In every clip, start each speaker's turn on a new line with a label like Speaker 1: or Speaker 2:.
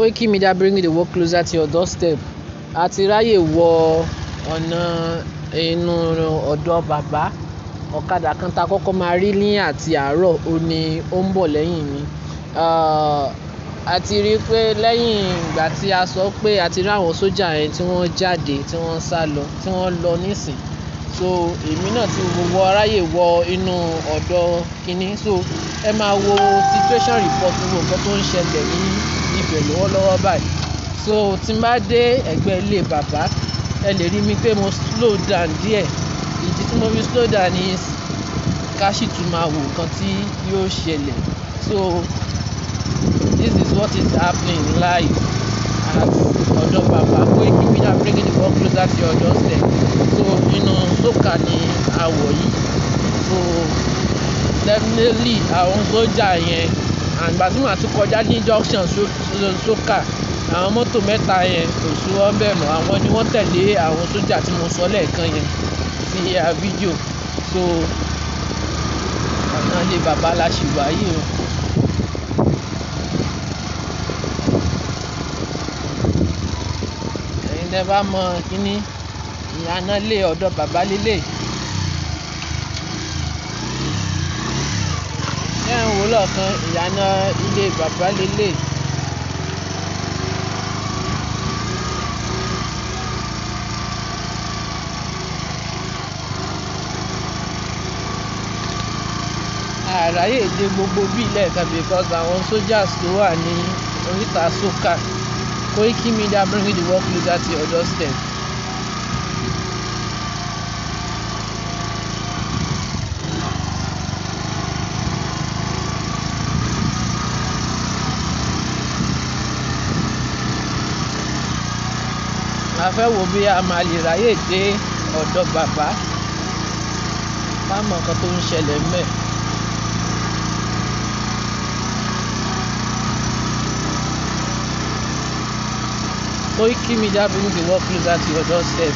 Speaker 1: Koiki Media bringing the work closer to your doorstep a ti ráyè wọ ọ̀nà inú ọ̀dọ̀ bàbá ọ̀kadà kan tá a kọ́kọ́ máa rí ní àti àárọ̀ ó ní ó ń bọ̀ lẹ́yìn mi a ti rí i pé lẹ́yìn ìgbà tí a sọ pé a rí àwọn sójà yẹn tí wọ́n jáde tí wọ́n sá lọ tí wọ́n lọ nísìn so èmi náà ti wọ aráyè wọ inú ọ̀dọ̀ kínní so ẹ máa wo situation report wo nǹkan tó ń ṣẹlẹ̀ ní ibẹ̀ lọ́wọ́lọ́wọ́ báyìí so tí n bá dé ẹ̀gbẹ́ ilé bàbá ẹ lè rí mi pé mo slow down díẹ̀ ìdí tí mo fi slow down ni ká sì tún máa wo nǹkan tí yóò ṣẹlẹ̀ so this is what is happening live at ọ̀dọ̀ bàbá pé kí we na bring the work closer to your doorstep so inú sókà ni a yìí so definitely àwọn sójà yẹn and ìgbà tí màá tún kọjá ní junction sókà àwọn mọ́tò mẹ́ta yẹn kò sí wọn bẹ́ẹ̀ mọ́ àwọn ni wọ́n tẹ̀lé àwọn sójà tí mo sọ lẹ́ẹ̀kan yẹn ti ya fídíò so ọ̀nà ilé bàbá la ṣì wá yìí o. ẹ̀yin tẹ́ bá mọ kínní ìyànà lé ọ̀dọ̀ bàbá lélẹ̀ yìí. tẹ́ wò lọ́ọ̀kan ìyànà ilé bàbá lélẹ̀ àráyè dé gbogbo bí ilẹ̀ kan because àwọn soldiers ló wà ní oríta soka Koiki Media bring the work closer to your doorstep. fẹ́ wo bí a máa lè ráyè dé ọ̀dọ̀ bàbá ká mọ nǹkan tó ń ṣẹlẹ̀ mẹ́ẹ̀. Koiki Media bring the world closer to your doorstep.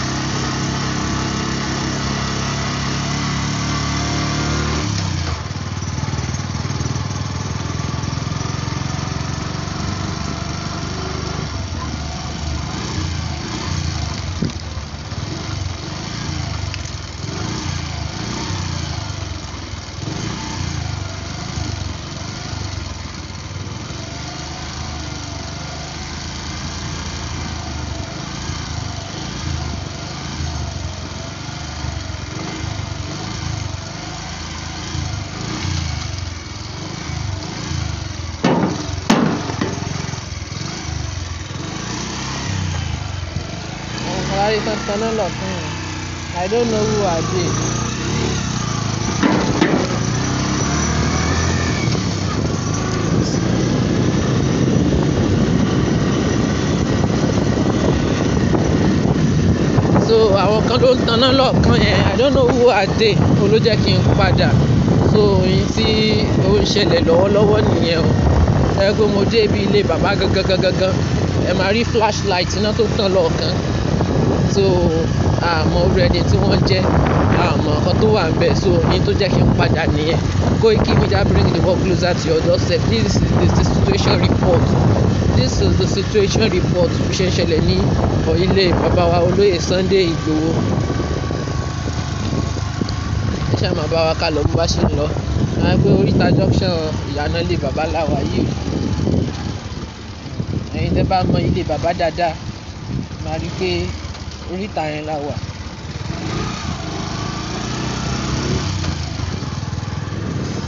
Speaker 1: all of them i don't know who I they. so àwọn kan ló ń taná lọ́ọ̀kan yẹn i don't know who are they olójẹ́ kí n padà so oyin tí ó ń ṣẹlẹ̀ lọ́wọ́lọ́wọ́ nìyẹn o ẹ pé mo dé ibi ilé bàbá gangan gangan ẹ máa rí flashlight iná tó tàn lọ́ọ̀kan so àmọ́ orú ẹni tí wọ́n jẹ́ àmọ́ nǹkan tó wà ń bẹ̀ so ní tó jẹ́ kí n padà nìyẹn Koiki Media bring the world closer to your doorstep this is the situation report this is the situation report bí ṣe ń ṣẹlẹ̀ ní ilé bàbá olóyè Sunday Ìgbòho ẹ ṣáà máa bá wa ká lọ bó bá ṣe ń lọ máa gbé oríta junction ìyànà ilé bàbá làwà yìí ẹ̀yin tẹ́ bá mọ ilé bàbá dáadáa máa rí i pé Ulit tayo ng lawa.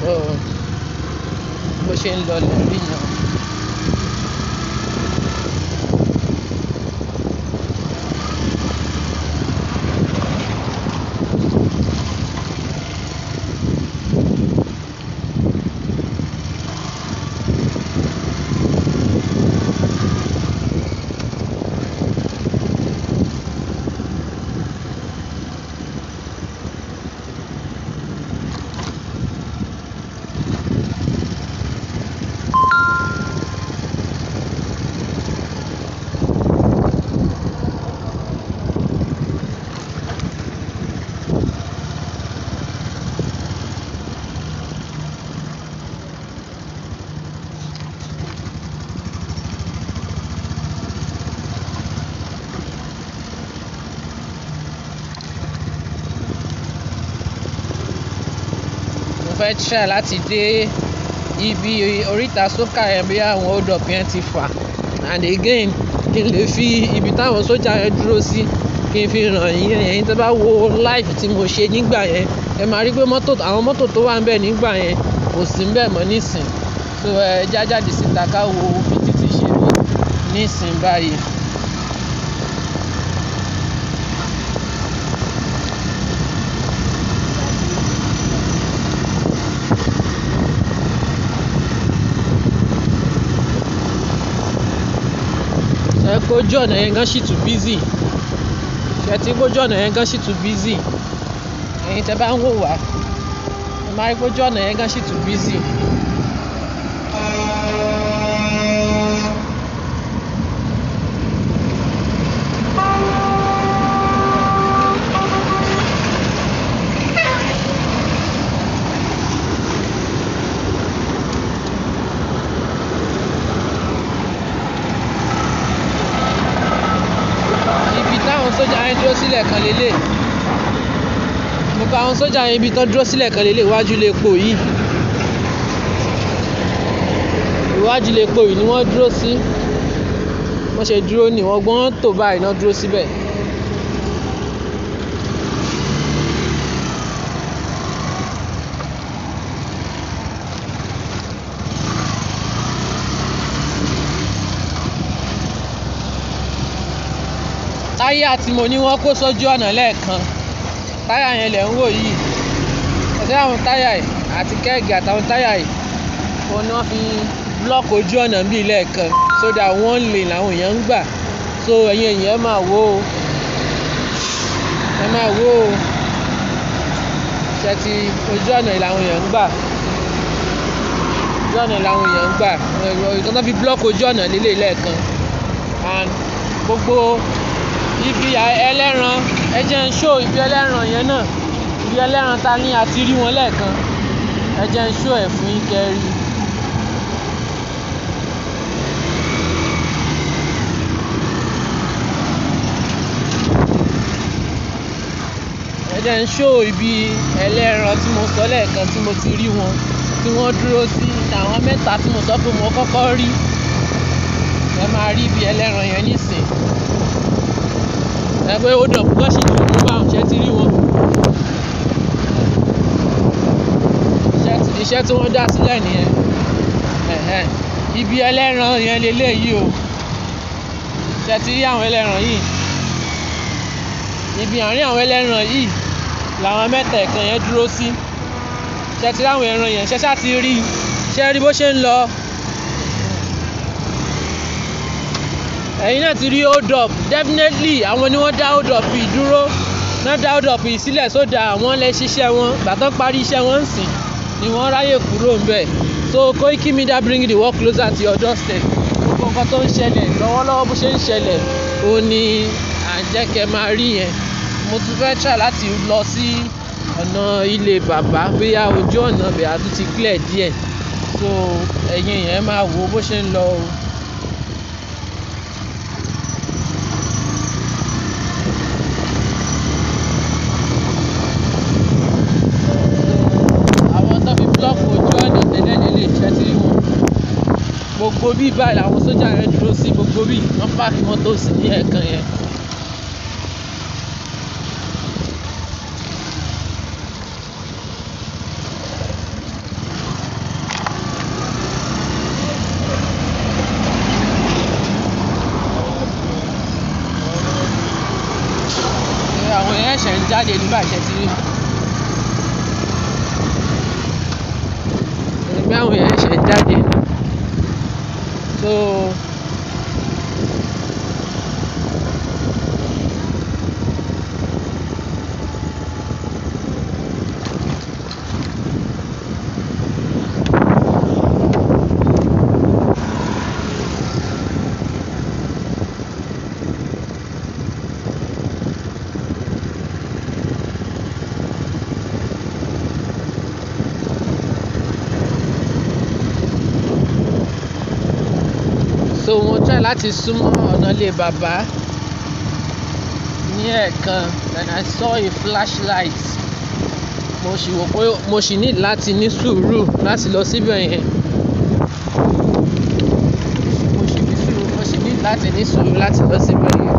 Speaker 1: So, ito siya yung lola. fẹ́ try láti dé ibi oríta sókà yẹn bí àwọn hold up ti fà and again kí n lè fi ibi táwọn sójà yẹn dúró sí kí n fi ràn yín ẹ̀yin tó bá wo live tí mo ṣe nígbà yẹn ẹ máa rí pé àwọn mọ́tò tó wà ń bẹ̀ nígbà yẹn kò sí ń bẹ̀ mọ́ nísìn so ẹ jájáde síta ká wo bí títí ṣe nísìn báyìí. ojú ọ̀nà yẹn gan ṣì tún busy ṣe ti gbójú ọ̀nà yẹn gan ṣì tún busy ẹ̀yin tẹ́ bá ń wò wá ẹ máa rí gbójú ọ̀nà yẹn gan ṣì tún busy. sójà yẹn ibi tán dúró sílẹ̀ kan lélẹ̀ iwájú ilé epo yìí iwájú ilé epo yìí ni wọ́n dúró sí wọ́n ṣe dúró ní wọ́n gbọ́n tó báyìí náà dúró síbẹ̀. táyà tí mo ní wọ́n kó sójú ọ̀nà lẹ́ẹ̀kan táyà yẹn lẹ̀ ń wò yìí ẹ̀sẹ̀ àwọn táyà yìí àti kẹ́ẹ̀gì àtàwọn táyà yìí wọn ni wọ́n fi blọ́ọ̀kì ojú ọ̀nà bíi lẹ́ẹ̀kan so that one lane làwọn èèyàn ń gbà so ẹ̀yin èèyàn máa wò ó ẹ máa wò ó ṣe ti ojú ọ̀nà yìí làwọn èèyàn ń gbà ojú ọ̀nà làwọn èèyàn ń gbà ìtọ́jú fi blọ́ọ̀kì ojú ọ̀nà lílé lẹ́ẹ̀kan and gbogbo ibi ẹlẹ́ran ẹ jẹ́ ń ṣó ibi ẹlẹ́ran yẹn náà ibi ẹlẹ́ran ta ni a ti rí wọn lẹ́ẹ̀kan ẹ jẹ́ ń ṣó ẹ̀ fún yín kẹrí. ẹ jẹ́ ń ṣó ibi ẹlẹ́ran tí mo sọ lẹ́ẹ̀kan tí mo ti rí wọn tí wọ́n dúró sí àwọn mẹ́ta tí mo sọ pé mo kọ́kọ́ rí ẹ máa rí ibi ẹlẹ́ran yẹn nísìnyí ẹgbẹ́ ó dọ̀ bọ́ sí ìlú nígbà ṣẹ́ ti rí wọn iṣẹ́ tí wọ́n dá sílẹ̀ nìyẹn ibi ẹlẹ́ran yẹn leléyìí o ṣẹ́ ti rí àwọn ẹlẹ́ran yìí ibi àárín àwọn ẹlẹ́ran yìí làwọn mẹ́ta ẹ̀kan yẹn dúró sí ṣẹ́ ti rí àwọn ẹran yẹn ṣẹ́ ṣá ti rí ṣẹ́ rí bó ṣe ń lọ ẹ̀yin náà ti rí hold up definitely àwọn ni wọ́n dá hold up dúró náà dá hold up sílẹ̀ sódà àwọn lè ṣiṣẹ́ wọn gbàtàn parí iṣẹ́ wọn sìn ni wọ́n ráyè kúrò ńbẹ̀ so Koiki Media bring the work closer to your doorstep gbogbo nǹkan tó ń ṣẹlẹ̀ lọ́wọ́lọ́wọ́ bó ṣe ń ṣẹlẹ̀ òun ni à ń jẹ́ kẹ́ máa rí yẹn mo tún fẹ́ try láti lọ sí ọ̀nà ilé bàbá bóyá ojú ọ̀nà bẹ̀rẹ̀ àtúntì clear díẹ̀ so ẹ̀yin yẹn máa wo bó ṣe ń lọ o. gbogbo bíi báyìí làwọn sójà yẹn dúró sí gbogbo bíi wọ́n páàkì mọ́tò sí ní ẹ̀ẹ̀kan yẹn. àwọn èèyàn ẹ̀ṣẹ̀ ń jáde nígbà ìṣẹ́ tí láti súnmọ́ ọ̀nà ilé bàbá ní ẹ̀ẹ̀kan and I saw a flashlight mo sì wò pé mo sì ní láti ní sùúrù láti lọ síbẹ̀ yẹn mo sì ní sùúrù mo sì ní láti ní sùúrù láti lọ síbẹ̀ yẹn.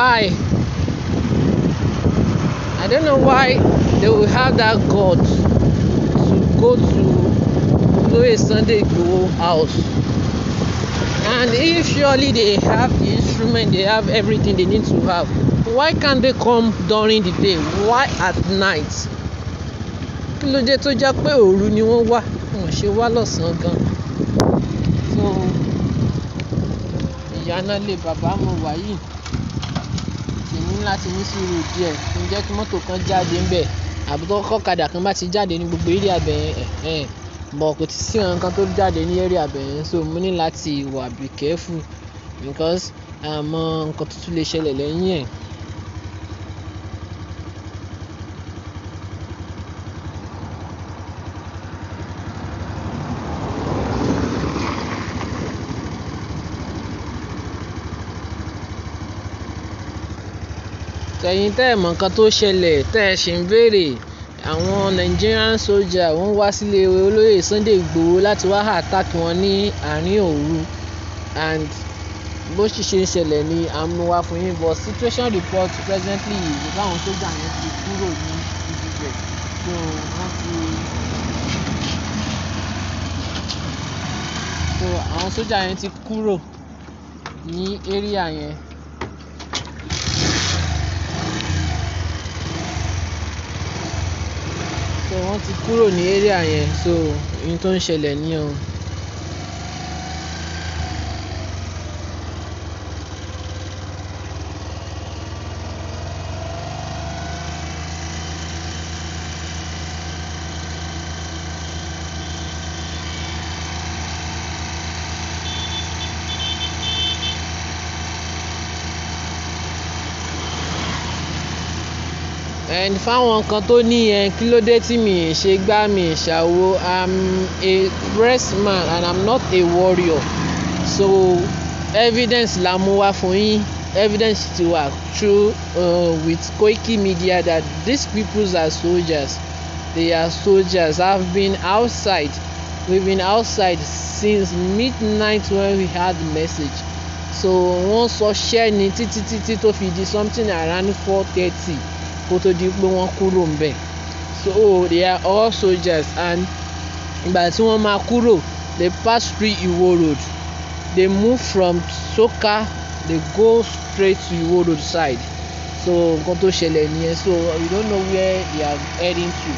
Speaker 1: why i don't know why they will have that god to go to do a Sunday Igboho house and if surely they have the instrument they have everything they need to have why can't they come during the day why at night kí ló dé tó já pé òru ni wọ́n wá wọ́n ṣe wá lọ́sàn gan so ìyá náà lè bàbá mo wà ní láti ní sùúrù díẹ̀ kí n jẹ́ kí mọ́tò kan jáde ńbẹ̀ àbí tó kọ́kadà kan bá ti jáde ní gbogbo area bẹ̀yẹn ẹ̀hẹ́n but kò sí nǹkan tó jáde ní area bẹ̀yẹn so mo ní láti wà be careful because àmọ́ nǹkan tuntun lè ṣẹlẹ̀ lẹ́yìn ẹ̀. ẹ̀yin tẹ́ ẹ̀ mọ nǹkan tó ṣẹlẹ̀ tẹ́ ẹ sì ń béèrè àwọn nigerian sójà ń wá sílé olóyè sunday igbodò láti wáá attack wọn ní àárín òru and bó sì ṣe ń ṣẹlẹ̀ ni à ń mú wá fún yín but situation report presently yìí báwọn sójà yẹn ti kúrò
Speaker 2: ní ibi rẹ̀ so wọ́n ti.
Speaker 1: so àwọn sójà yẹn ti kúrò ní area yẹn. so wọ́n ti kúrò ní area yẹn so ohun tó ń ṣẹlẹ̀ nìyẹn o um fáwọn kan tó ní um kí ló dé tí mi ṣe gbá mi ṣàwo i'm a pressman and i'm not a warrior so evidence la mú wá fún yín evidence ti wà true uh, with Koiki Media that these people are soldiers they are soldiers i've been outside we've been outside since midnight when we had the message so wọ́n sọ ṣẹ́ ni títí títí tó fi di something around four thirty kó tó di pé wọ́n kúrò ń bẹ̀ so they are all soldiers and ìgbà tí wọ́n máa kúrò they pass through Iwo Road they move from Soka they go straight to Iwo Road side so nǹkan tó ṣẹlẹ̀ nìyẹn so you don't know where they are heading to.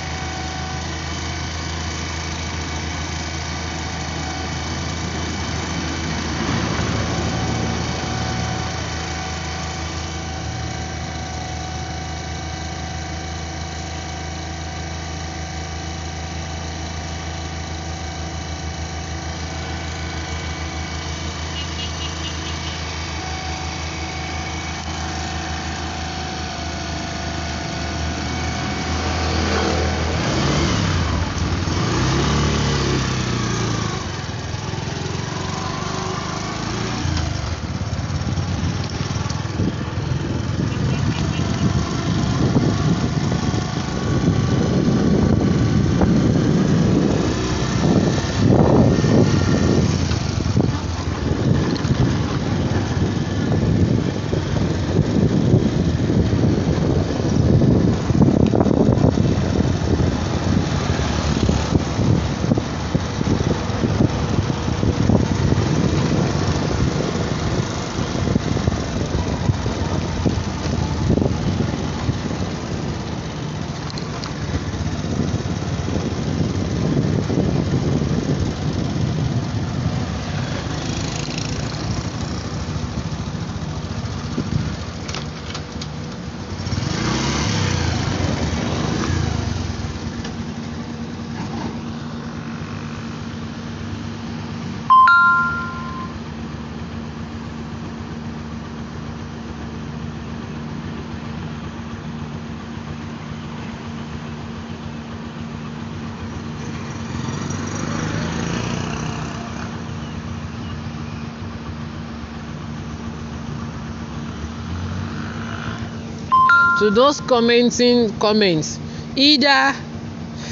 Speaker 1: to those commenting comments either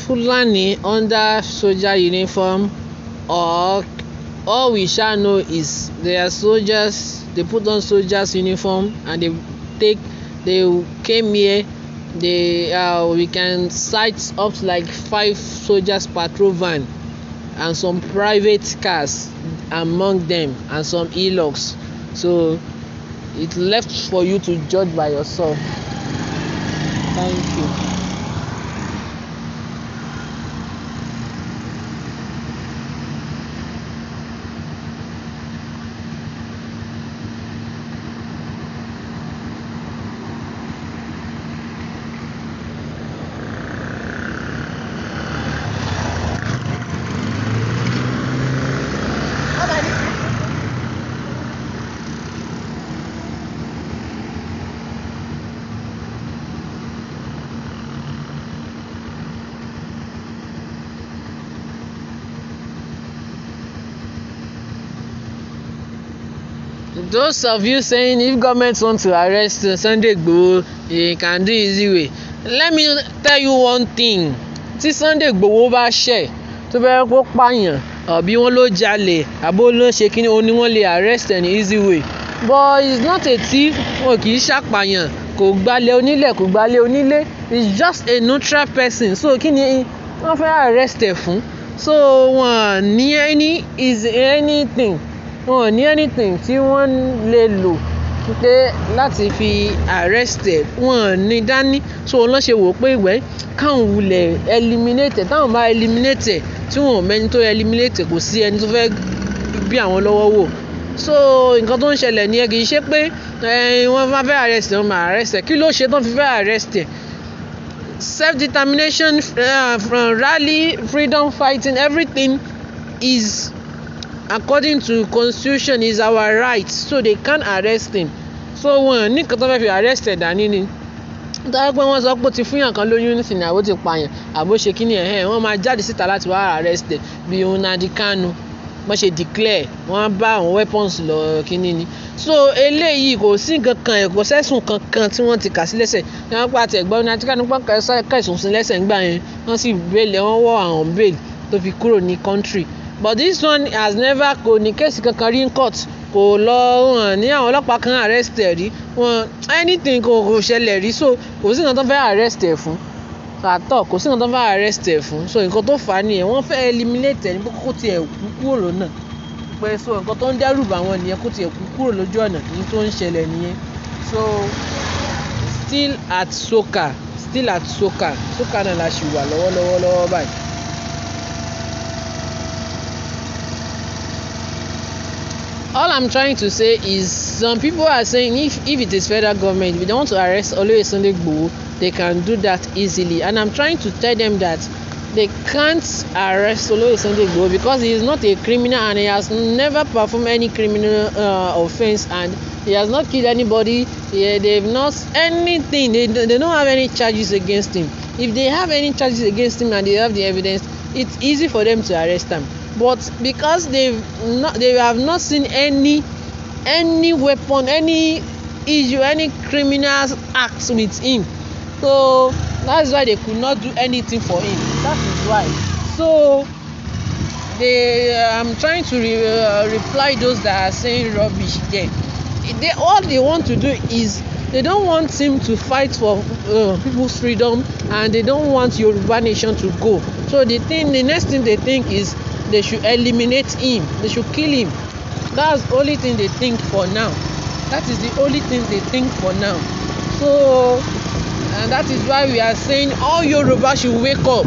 Speaker 1: Fulani under soldier uniform or all we shall know is they are soldiers they put on soldiers uniform and they take they came here they uh, we can sight up like five soldiers patrol van and some private cars among them and some e so it's left for you to judge by yourself. Thank you. Those of you saying if government want to arrest Sunday Igboho, they can do easy way. Let me tell you one thing. Tí Sunday Igboho bá ṣẹ̀ to bẹ́ẹ̀ kó pààyàn àbí wọ́n ló jalè àbó ló ṣe kíní o ni wọ́n lè arrest any easy way. But it's not a thief, wọn kì í ṣàpàyàn, kò gbalẹ̀ onílẹ̀ kò gbalẹ̀ onílé. It's just a neutral person. So kí ni wọ́n fẹ́ arrest ẹ̀ fún? So wọn ní any is anything wọn ò ní anything tí wọ́n lè lò pé láti fi arrested. ẹ̀ wọn ò ní dání so wọ́n ṣe wò ó pé ìwẹ́ káwọn wulẹ̀ eliminate táwọn bá eliminate tí wọn ò mẹ́ni tó eliminate kò sí ẹni tó fẹ́ bí àwọn lọ́wọ́ wò so nǹkan tó ń ṣẹlẹ̀ ni ẹ kì í ṣe pé eh, wọ́n máa fẹ́ arrest ẹ̀ wọ́n máa arrest ẹ̀ kí ló ṣe tán fi fẹ́ arrest ẹ̀ self determination uh, eh, from rally freedom fighting everything is according to constitution is our right so they can arrest him so wọn nìkan tó fẹ́ fi arrest ẹ̀ dání ni tọ́wọ́ pé wọ́n sọ pé ó ti fúnyàn kan lóyún nísìnyí àbó ti pààyàn àbó ṣe kíni ẹ̀ hẹ́n wọ́n máa jáde síta láti wá arrest ẹ̀ bí òun Nnamdi Kanu wọ́n ṣe declare wọ́n bá àwọn weapons lọ kíní ni so eléyìí kò sí nǹkan kan ẹ̀kọ́ sẹ́sùn kankan tí wọ́n ti kà sí lẹ́sẹ̀ ní wọ́n pa àtẹ̀gbọ́n Nnamdi Kanu pọ́n kẹsàn-án kẹsùn sí lẹ́sẹ̀ ńgbà yẹn wọ́n sì bẹ́ẹ̀lẹ̀ wọ́n wọ́ àwọn bẹ́ẹ̀lì tó fi kúrò ní country but this one has never kò ní kéèsì kankan rí in court kò lọ hàn ní àwọn ọlọ́pàá kan arrest ẹ̀ rí wọn anything kò kò ṣẹlẹ̀ rí so kò sí nǹkan tó fẹ́ arrest ẹ̀ fún àtọ̀ kò sí nǹkan tó fẹ́ arrest ẹ̀ fún so nǹkan tó fà á nìyẹn wọ́n fẹ́ eliminate ẹ̀ ní kókó tiẹ̀ kú kúrò lọ́nà pẹ́ so nǹkan tó ń dẹ́rù bà wọ́n nìyẹn kó tiẹ̀ kú kúrò lójú ọ̀nà ní tó ń ṣẹlẹ̀ nìyẹn so still at soka still at soka soka náà la ṣì wà lọ́wọ́lọ́wọ́ lọ́wọ́ báyìí all i'm trying to say is some people are saying if if it is federal government we don't want to arrest Olóyèsọ́ndé Igboho they can do that easily and i'm trying to tell them that they can't arrest Olóyèsọ́ndé Igboho because he is not a criminal and he has never performed any criminal uh, offence and he has not killed anybody yeah, have not anything they, they don't have any charges against him if they have any charges against him and they have the evidence it's easy for them to arrest am but because they not they have not seen any any weapon any issue any criminal act with him so that's why they could not do anything for him that is why so they uh, i'm trying to re uh, reply those that are saying rubbish there they all they want to do is they don't want him to fight for uh, people's freedom and they don't want yoruba nation to go so the thing the next thing they think is they should eliminate him they should kill him that's the only thing they think for now that is the only thing they think for now so and that is why we are saying all Yoruba should wake up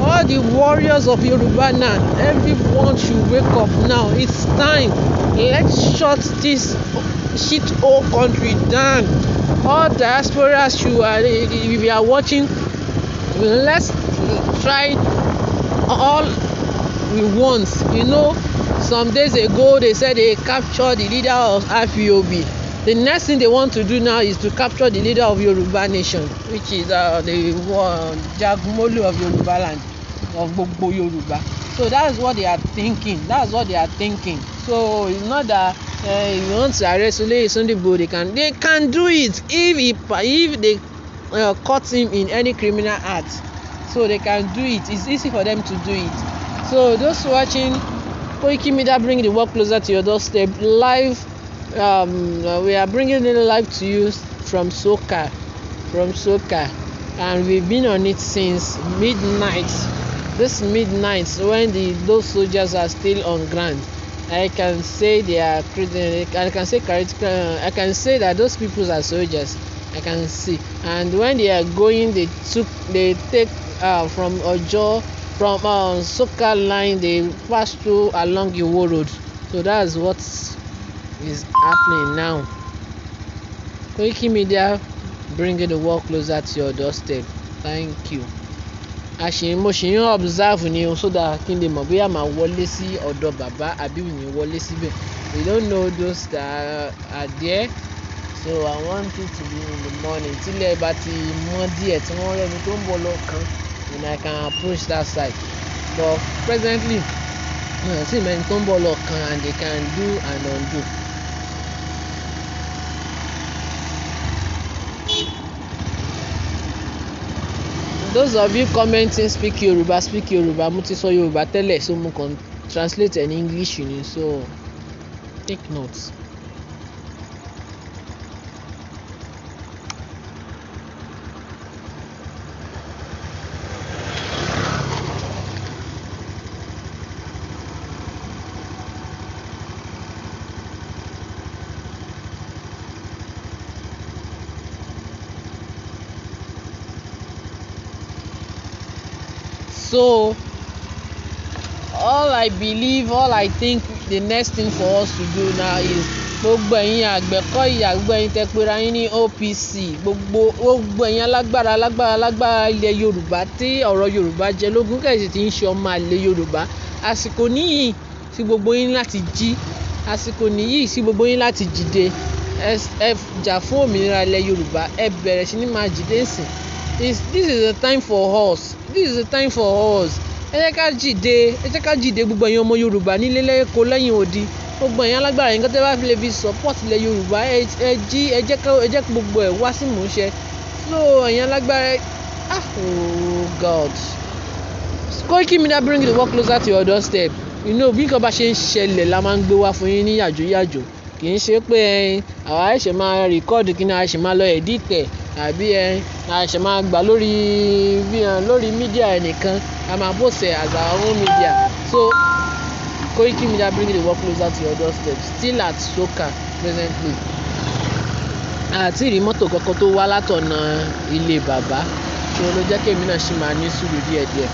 Speaker 1: all the warriors of Yoruba now, everyone should wake up now it's time let's shut this shit whole country down all diaspora, you are, uh, if you are watching let's try all we want you know some days ago they said they captured the leader of afiob the next thing they want to do now is to capture the leader of yoruba nation which is uh, the uh, um, jagumolu of yoruba land of gbogbo yoruba so that's what they are thinking that's what they are thinking so it's not that uh, eh, if you want to arrest Sunday Sunday they can they can do it if he, if they uh, caught him in any criminal act so they can do it it's easy for them to do it So those watching Koiki Media bring the work closer to your doorstep live. Um, uh, we are bringing it live to you from Soka, from Soka, and we've been on it since midnight. This midnight, when the those soldiers are still on ground, I can say they are. I can say uh, I can say that those people are soldiers. I can see, and when they are going, they took they take uh, from Ojo from um, uh, Soka line they pass through along Iwo Road so that's what is happening now Koiki Media bringing the world closer to your doorstep thank you àṣìyìn mo ṣì ń observe ni o so that kí n lè mọ̀ bóyá màá wọlé sí ọ̀dọ̀ bàbá àbí mi ní wọlé síbẹ̀ we don't know those that are, there so I want it to be in the morning tílẹ̀ bá ti mọ́ díẹ̀ tí wọ́n rẹ́ni tó ń bọ̀ lọ́kàn and I can approach that side but presently mi ò tí ì mẹ́ni tó ń bọ̀ and they can do and undo. those of you commenting speak Yoruba speak Yoruba mo ti sọ Yoruba tẹ́lẹ̀ so mo kàn translate in English ni so take note. so all i believe all i think the next thing for us to do now is gbogbo ẹ̀yin àgbẹ̀kọ̀yà gbogbo ẹ̀yin tẹ́ pera yín ní OPC gbogbo gbogbo ẹ̀yin alágbára alágbára alágbára ilẹ̀ Yorùbá tí ọ̀rọ̀ Yorùbá jẹ lógún kẹ̀sì tí ń ṣe ọmọ àlè Yorùbá àsìkò níyì sí gbogbo yín láti jí àsìkò níyì sí gbogbo yín láti jìde ẹ jà fún òmìnira ilẹ̀ Yorùbá ẹ bẹ̀rẹ̀ sí ní máa jìde ǹsìn this is the time for us this is the time for us ẹ jẹ́ ká dìde ẹ jẹ́ ká dìde gbogbo ẹ̀yin ọmọ Yorùbá nílé lẹ́kọ̀ọ́ lẹ́yìn odi gbogbo ẹ̀yin alágbára yín kẹ́tẹ́ bá fi lè fi support ilẹ̀ Yorùbá ẹ jí ẹ jẹ́ ká ẹ jẹ́ gbogbo ẹ̀ wá sí ìmúṣẹ so ẹ̀yin alágbára ah oh God Koiki Media bring the work closer to your doorstep you know bí nǹkan bá ṣe ń ṣẹlẹ̀ la máa ń gbé wá fún yín ní yàjóyàjó kì í ṣe pé àwa ẹ̀ṣẹ̀ máa rìkọ́ọ̀dù kí ni a ṣe máa lọ ẹ̀dítẹ̀ àbí ẹ a ṣẹ̀ máa gbà lórí bí ẹ lórí mídíà ẹnìkan a máa post ẹ̀ as our own media so Koiki Media bring the work closer to your doorstep still at soka presently àti ìrí mọ́tò kankan tó wá látọ̀nà ilé bàbá ṣòro ló jẹ́ kémi náà ṣì máa ní sùúrù díẹ̀díẹ̀.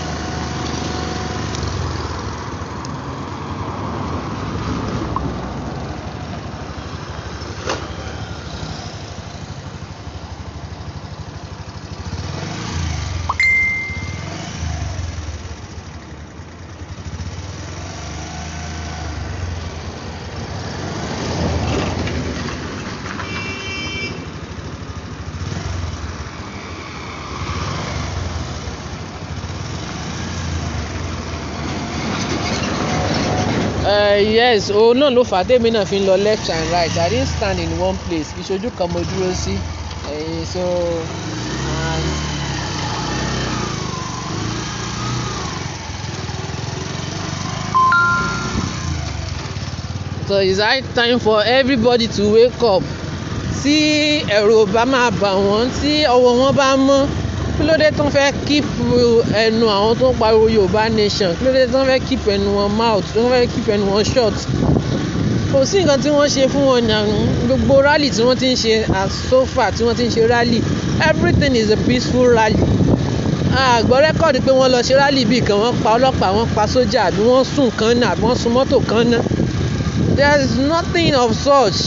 Speaker 1: yes òun náà ló fà á tèmi náà fi ń lọ left and right i didn't stand in one place ìṣojú kan mo dúró sí ẹ̀yìn so. And, so it's high time for everybody to wake up tí ẹ̀rù bá máa bà wọ́n tí ọwọ́ wọn bá mọ́ kí ló tó ń fẹ́ keep eh, ẹnu àwọn tó ń pariwo yorùbá nation kí ló dé tó ń fẹ́ keep ẹnu wọn mouth tó ń fẹ́ keep ẹnu wọn short kò sí nǹkan tí wọ́n ṣe fún wọn nànú gbogbo rally tí wọ́n ti ń ṣe as so far tí wọ́n ti ń ṣe rally everything is a peaceful rally àgbọ̀ rẹ́kọ̀dì pé wọ́n lọ ṣe rally bíi kan wọ́n pa ọlọ́pàá wọ́n pa sójà àbí wọ́n sùn kan náà àbí wọ́n sun mọ́tò kan náà there is nothing of such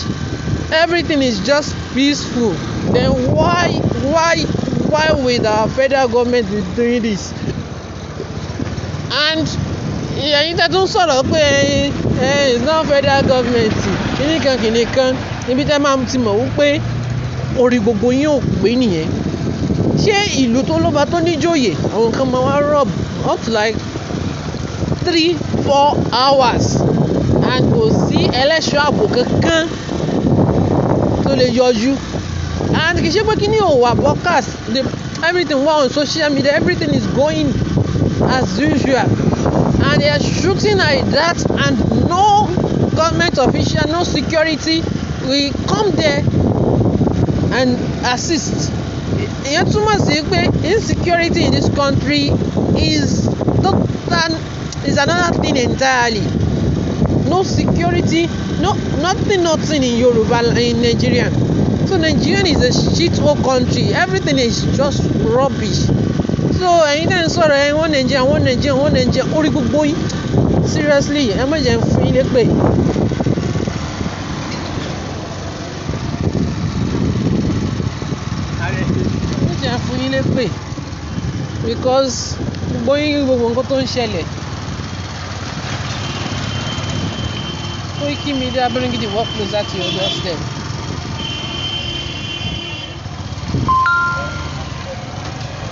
Speaker 1: everything is just peaceful then why why why would our federal government be doing this and ẹ̀yin tẹ́ tún sọ̀rọ̀ pé it's not federal government kìnìkan kìnìkan ibi tẹ́ máa ti mọ̀ wípé orí gbogbo yín ò pé nìyẹn ṣé ìlú tó lọ́ba tó níjòyè àwọn kan máa wá rub up like three four hours and kò sí ẹlẹ́ṣọ́ ààbò kankan tó lè yọjú and kì í ṣe broadcast the everything wà on social media everything is going as usual and they are shooting like that and no government official no security will come there and assist ìyẹn túmọ̀ sí pé insecurity in this country is total is another thing entirely no security no nothing nothing in Yoruba in Nigeria so Nigeria is a shit hole country everything is just rubbish so ẹ̀yin náà ń sọ̀rọ̀ ẹ̀ wọ́n Nigeria wọ́n Nigeria wọ́n Nigeria orí gbogbo yín seriously ẹ má jẹ́ fún yín lépè. ẹ jẹ́ fún yín lépè because gbogbo yín gbogbo nǹkan tó ń ṣẹlẹ̀. Koiki Media bringing the work closer to your doorstep.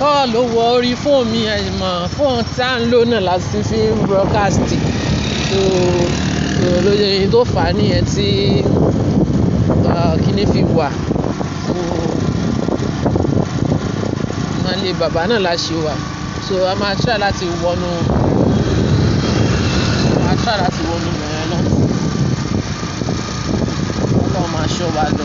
Speaker 1: call ló wọ orí fóònù mi ẹ̀ mọ̀ fóònù tá à ń lò náà láti fi ń broadcast tó lóye yìí tó fà á nìyẹn tí kíní fi wà náà lè bàbá náà la wà so a máa try láti wọnú máa try láti wọnú mẹ́rin náà ọlọ́run máa ṣọ́ wa lọ.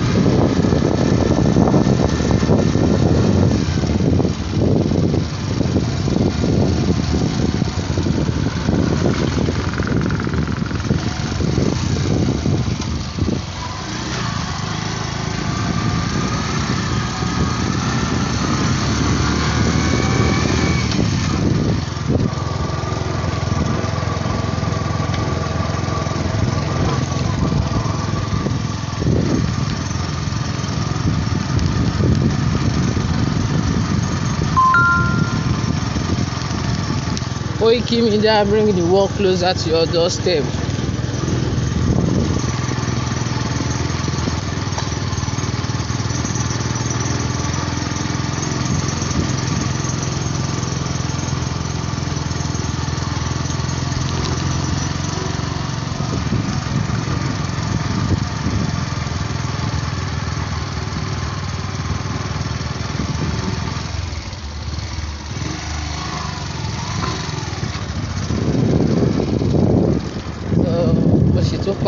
Speaker 1: Koiki Media bring the world closer to your doorstep.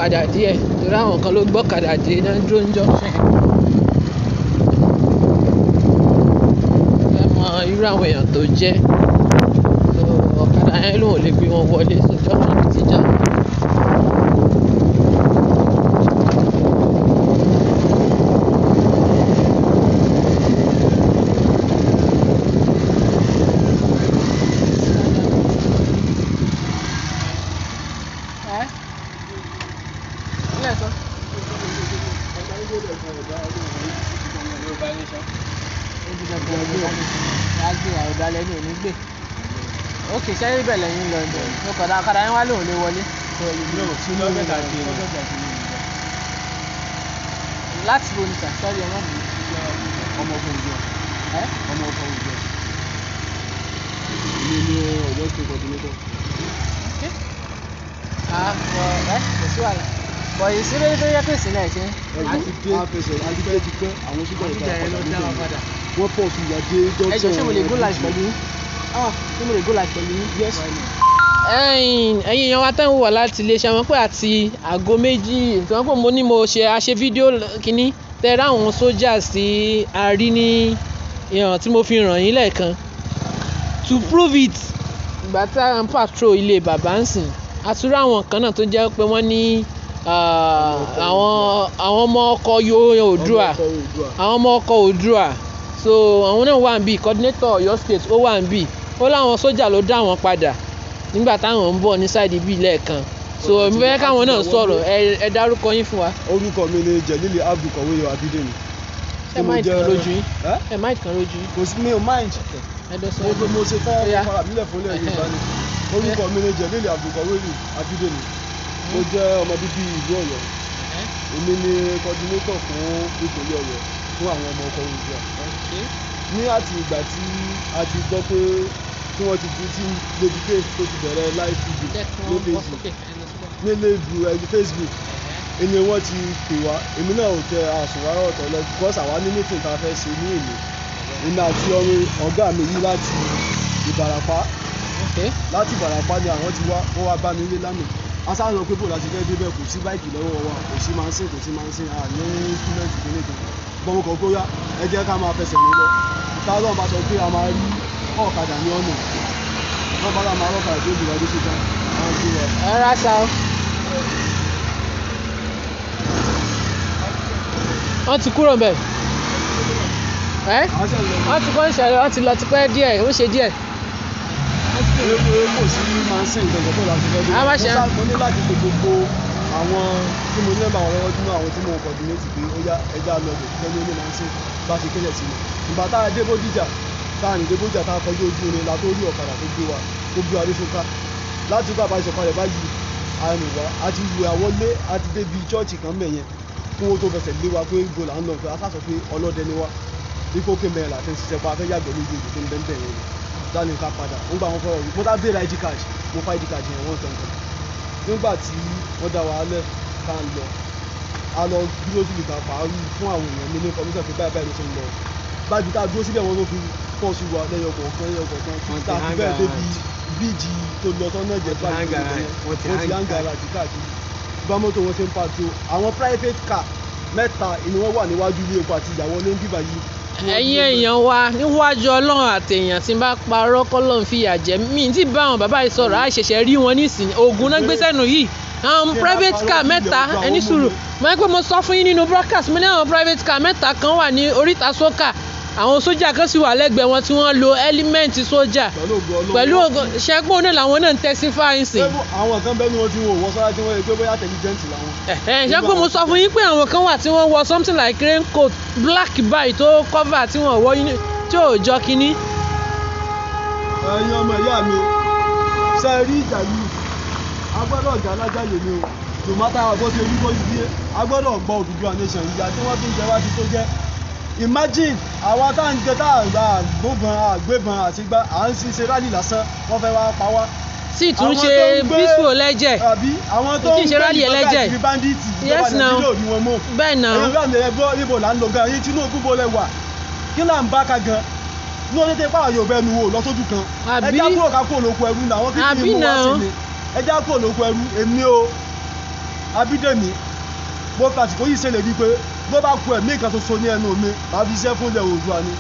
Speaker 1: ọ̀kadà díẹ̀ torí àwọn kan ló gbọ́kadà dé náà dúró ń jọ fún ẹ mọ irú àwọn èèyàn tó jẹ́ ọ̀kadà yẹn lòun ò lè gbé wọn wọlé sójú ti já. síbẹ̀ lẹ́yìn lọ ibẹ̀ mo kọ̀dà ọ̀kadà yẹn wá lóun lè wọlé. láti bo níta sọ́ọ́rì ọmọ mi. ọmọ ọkọ òjò ọmọ
Speaker 3: ọkọ òjò mi ni ọ̀dọ́ tó coordinator.
Speaker 1: àbọ̀ ẹ kò sí wàhálà bọ̀ yìí sí lórí tó pèsè náà ṣe.
Speaker 3: àti dé àti dé ti pẹ́ àwọn ṣúgbọ́n ìta ìpadà nígbà yẹn wọ́n pọ̀ sí ìyá dé
Speaker 1: jọ́jọ́. ẹ jọ ṣé mo lè gún láti pẹ̀lú. Ah, ẹ̀yin èèyàn wa tẹ́ ń wò láti iléeṣẹ́ wọn pé àti aago méjì ìtàn pé mo ní mo ṣe àṣe fídíò kínní tẹ ráwọn sójà sí àárí ní ìhàn tí mo fi ràn yín lẹ́ẹ̀kan to prove it ìgbà tá a ń patrol ilé bàbá ń sìn àtúrò àwọn kan náà tó jẹ́ pé wọ́n ní àwọn àwọn ọmọ ọkọ̀ yóò Oòduà àwọn ọmọ ọkọ̀ Oòduà so àwọn náà wà ń bì coordinator Ọ̀yọ́ state ó wà ń bì ó láwọn sójà ló dá wọn padà nígbà táwọn ń bọ̀ ní sáìdì bíi lẹ́ẹ̀kan so mo fẹ́ káwọn náà sọ̀rọ̀ ẹ dárúkọ yín fún wa. orúkọ mi
Speaker 3: ni Jelili Abdul Kọ̀wéyọ Abídèmí.
Speaker 1: ẹ má ìtàn lójú yín
Speaker 3: ẹ má ìtàn lójú yín. kò sí mi ò má ìtàn mo mo ṣe fẹ́ fara mílẹ̀ fúnlẹ̀ Yorùbá ni orúkọ mi ni Jelili Abdul Kọ̀wéyọ Abídèmí mo jẹ́ ọmọ bíbí ìlú Ọ̀yọ́ èmi ni kọ́dínétọ̀ fún ìpínlẹ̀ Ọ̀yọ́ fún àwọn ọmọ ọkọ̀ òjò ní àti ìgbà tí a ti gbọ́ pé tí wọ́n ti fi tí gbèdúkè tó ti bẹ̀rẹ̀ live video ní facebook eh, nílé ìlú ẹni facebook ẹni wọ́n ti pè wá èmi náà ò tẹ àsùnwárọ̀ ọ̀tọ̀ lọ because àwa ní meeting tá a fẹ́ ṣe ní èmi èmi àti ọ̀gá mi yí láti ìbàràpá láti ìbàràpá ni àwọn ti wá wọ́n wá bá mi lé lánàá asáyọ̀ pé láti fẹ́ débẹ̀ kò sí báìkì lọ́wọ́ wa kò sí máa ń sìn kò sí máa ń sìn àní fúlẹ̀tì kékeré kan gbọ́n kan kó ẹ jẹ́ ká máa fẹsẹ̀ lọ táwọn bá sọ pé a máa rí ọ̀kadà ní ọ̀nà wọ́n bá máa rọ́ọ̀kadà tó jù wá dé síta
Speaker 1: máa ń gbé ẹ rà sá o. wọ́n ti kúrò mbẹ̀ ẹ́ wọ́n ti kọ́ ìṣẹ̀lẹ̀ wọ́n ti lọ tipẹ́ díẹ̀ ó ṣe díẹ̀.
Speaker 3: ẹ kò sí máa ń sìn gbọ̀ngàn bọ́ọ̀lù àti fẹ́ẹ́ dé. a máa ṣe é. mo ní láti gbogbo àwọn tí mo nẹ́ẹ̀mà wọn lọ́wọ́ dúró àwọn tí mo coordinate pé ó ẹja lọ bò lọ́jọ́ ní máa ń sìn bá ṣe kẹ́lẹ̀ sí mi ìgbà tá a dé bódìjà tá a ní dé bódìjà tá a kọjú ojú orin la tó rí ọ̀kadà tó gbé wa tó gbé wa dé fúnká láti gbà bá kalẹ̀ báyìí àrùn wa a ti lu àwọn lé a ti débi chọ́ọ̀chì kan mẹ̀ yẹn kí wọ́n tó fẹsẹ̀ lé wa pé ibo là ń lọ pé aká pé ọlọ́dẹ ni wa ikú kémẹ́rin là ti ń ṣiṣẹ́ nígbà tí wọ́n dá wa lẹ̀ ká ń lọ a lọ dúró sí ìgbà pàrọ̀ fún àwọn èèyàn mi ní kọ́mísà pé báyìí báyìí ló ṣe ń lọ bájú ká dúró síbẹ̀ wọn ló fi pọ̀ sí wa lẹ́yọ kọ̀ọ̀kan lẹ́yọ kọ̀ọ̀kan tá a fi bẹ́ẹ̀ débi bíìjì tó lọ tán náà jẹ́ pàtó wọ́n ti hangara àti káàkiri bá mọ́tò wọn ṣe ń pàtó àwọn private car mẹ́ta ni wọ́n wà níwájú ilé epo àti
Speaker 1: ẹ̀yin èèyàn wa níwájú ọlọ́run àtèèyàn tí n bá parọ́ kọ́lọ́run fìyà jẹ mí tí bá àwọn bàbá yìí sọ̀rọ̀ àṣẹ̀ṣẹ̀ rí wọn nísìn oògùn náà gbé sẹ́nu yìí àwọn private car mẹ́ta ẹni sùúrù mo ní pé mo sọ fún yín nínú broadcast mo ní àwọn private car mẹ́ta kan wà ní oríta soka àwọn sójà kan sì wà lẹ́gbẹ̀ẹ́ wọn tí wọ́n lo ẹ́límẹ́ǹtì sójà pẹ̀lú ogun ṣẹ́gbọ́n náà làwọn náà ń tẹ́sí fáyínsì.
Speaker 3: àwọn kan bẹ́ẹ̀ ni wọ́n ti wò wọ́n sára tí wọ́n yẹ pé bóyá tẹ̀lifíjẹ́ǹtì làwọn.
Speaker 1: ṣẹ́gbọ́n mo sọ fún yín pé àwọn kan wà tí wọ́n wọ something like rain coat black báyìí tó cover tí wọ́n wọ tí ò jọ kínní.
Speaker 3: ẹ̀yin ọmọ ìyá mi ṣe é rí ìjà yìí agbọ́dọ̀ ọ̀gá alájà lè ní o no matter bó ṣe rí bó ṣe rí agbọ́dọ̀ gbọ́ òdùdú àníṣàn ìyá tí wọ́n fi ń jẹ wá ti tó jẹ́ imagine àwa tá à ń jẹ tá à gbà gbóbọn àgbébọn àti gbà à ń ṣiṣẹ́ rálì lásán wọ́n fẹ́ wá pa wá. sì tún ṣe bísípò lẹ́jẹ̀ àbí àwọn tó ń gbé ìbọn káàkiri bandits ìjọba nàìjíríà ò ní ibo là ń lọ gan yín Tinubu bó lẹ wà kí là ń bá ka gan ní ọdún tẹ fáwọn Yorùbá wo lọ́sọ́jú kan ẹja kúrò ká kúrò lóko ẹrú náà wọ́n kí ni mo wá sí mi ẹja kúrò lóko ẹrú èmi o Abídèmí mo fàtìkó yìí ṣẹlẹ̀ bíi pé bó bá ku ẹ̀mí kan ṣoṣo ní ẹnu mi màá fi iṣẹ́ fún ni.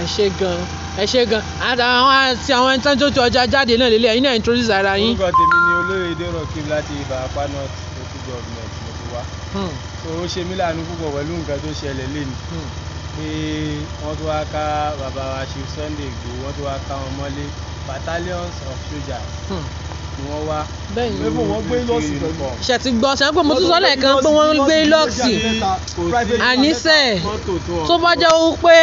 Speaker 1: ẹ ṣe gan ẹ ṣe gan àtàwọn àti àwọn ẹni tán tó tu ọjà jáde náà lélẹ̀ yín náà introduce ara yín. orúkọ tèmi
Speaker 3: ni olóyè dèrò kim láti Ìbàràpá north local government mo ti wá. Hmm. ó ṣe mí láàánú púpọ̀ pẹ̀lú nǹkan tó ṣẹlẹ̀ léni hmm. pé wọ́n tó wá ká bàbá wa Chief Sunday Igboho wọ́n tó wá ká wọn mọ́lé battalions of soldiers. Hmm ni wọ́n wá bẹ́ẹ̀ni pé wọ́n gbé lọ́ọ̀sì pẹ̀lú.
Speaker 1: ṣètì gbọ́ ṣe pé mo tún sọ lẹ́ẹ̀kan pé wọ́n ń gbé lọ́ọ̀sì àníṣe tó bá jẹ́ wọ́n pé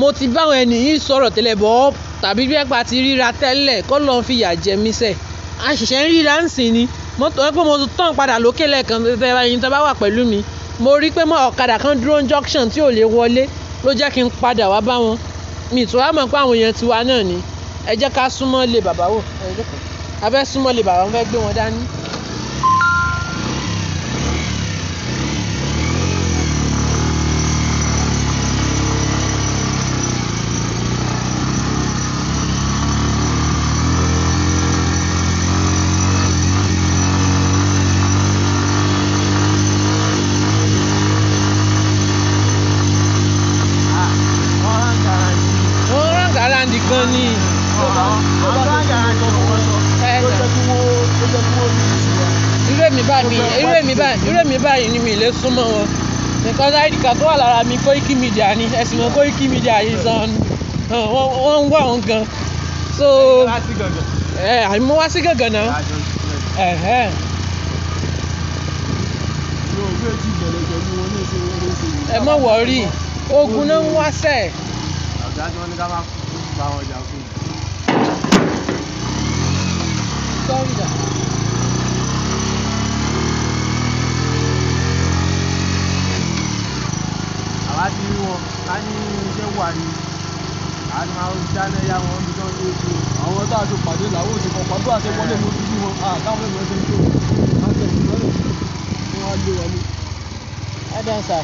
Speaker 1: mo ti báwọn ẹni yìí sọ̀rọ̀ tẹ́lẹ̀ bọ́ tàbí bí ẹ̀pà ti ríra tẹ́lẹ̀ kọ́ lọ́n fi yà jẹ mí sẹ̀ àṣìṣe ń ríra ń sìn ni mo tọ́ pé mo tán padà lókè lẹ́ẹ̀kan tẹ́lẹ̀ tó bá wà pẹ̀lú mi mo rí pé mọ́ ọ̀kadà kan dúró junction tí ò lè wọlé ló jẹ́ kí n padà wá bá wọn mi ìtura mọ̀ pé àwọn èèyàn tiwa náà ni ẹ jẹ́ ká súnmọ́ lé bàbá wò a fẹ́ súnmọ́ lè bàbá wọn fẹ́ gbé wọn dání. mi báyìí irú èmi báyìí ni mi lè súnmọ́ wọn because id card tó wà lára mi Koiki Media ni ẹ̀sìn mọ́ Koiki Media yìí sàn wọ́n ń wá wọn gan so àmì mo wá sí gàngàn náà ẹ mọ̀ wọ̀ọ́rì ogun náà ń wá sẹ́ẹ̀. ọ̀gá
Speaker 2: tí
Speaker 3: ká ní iṣẹ́ wà ní àánú àwọn ìdáná ya wọn bí wọ́n ní oṣù. àwọn tá a jọ pàdé làwọn òsì kan pàdé àti wọlé mú dúdú wọn àtàwọn èèyàn ṣe ń tó wọn ṣe ń tó wọn á lé wọlé. ẹ dẹ́n sà.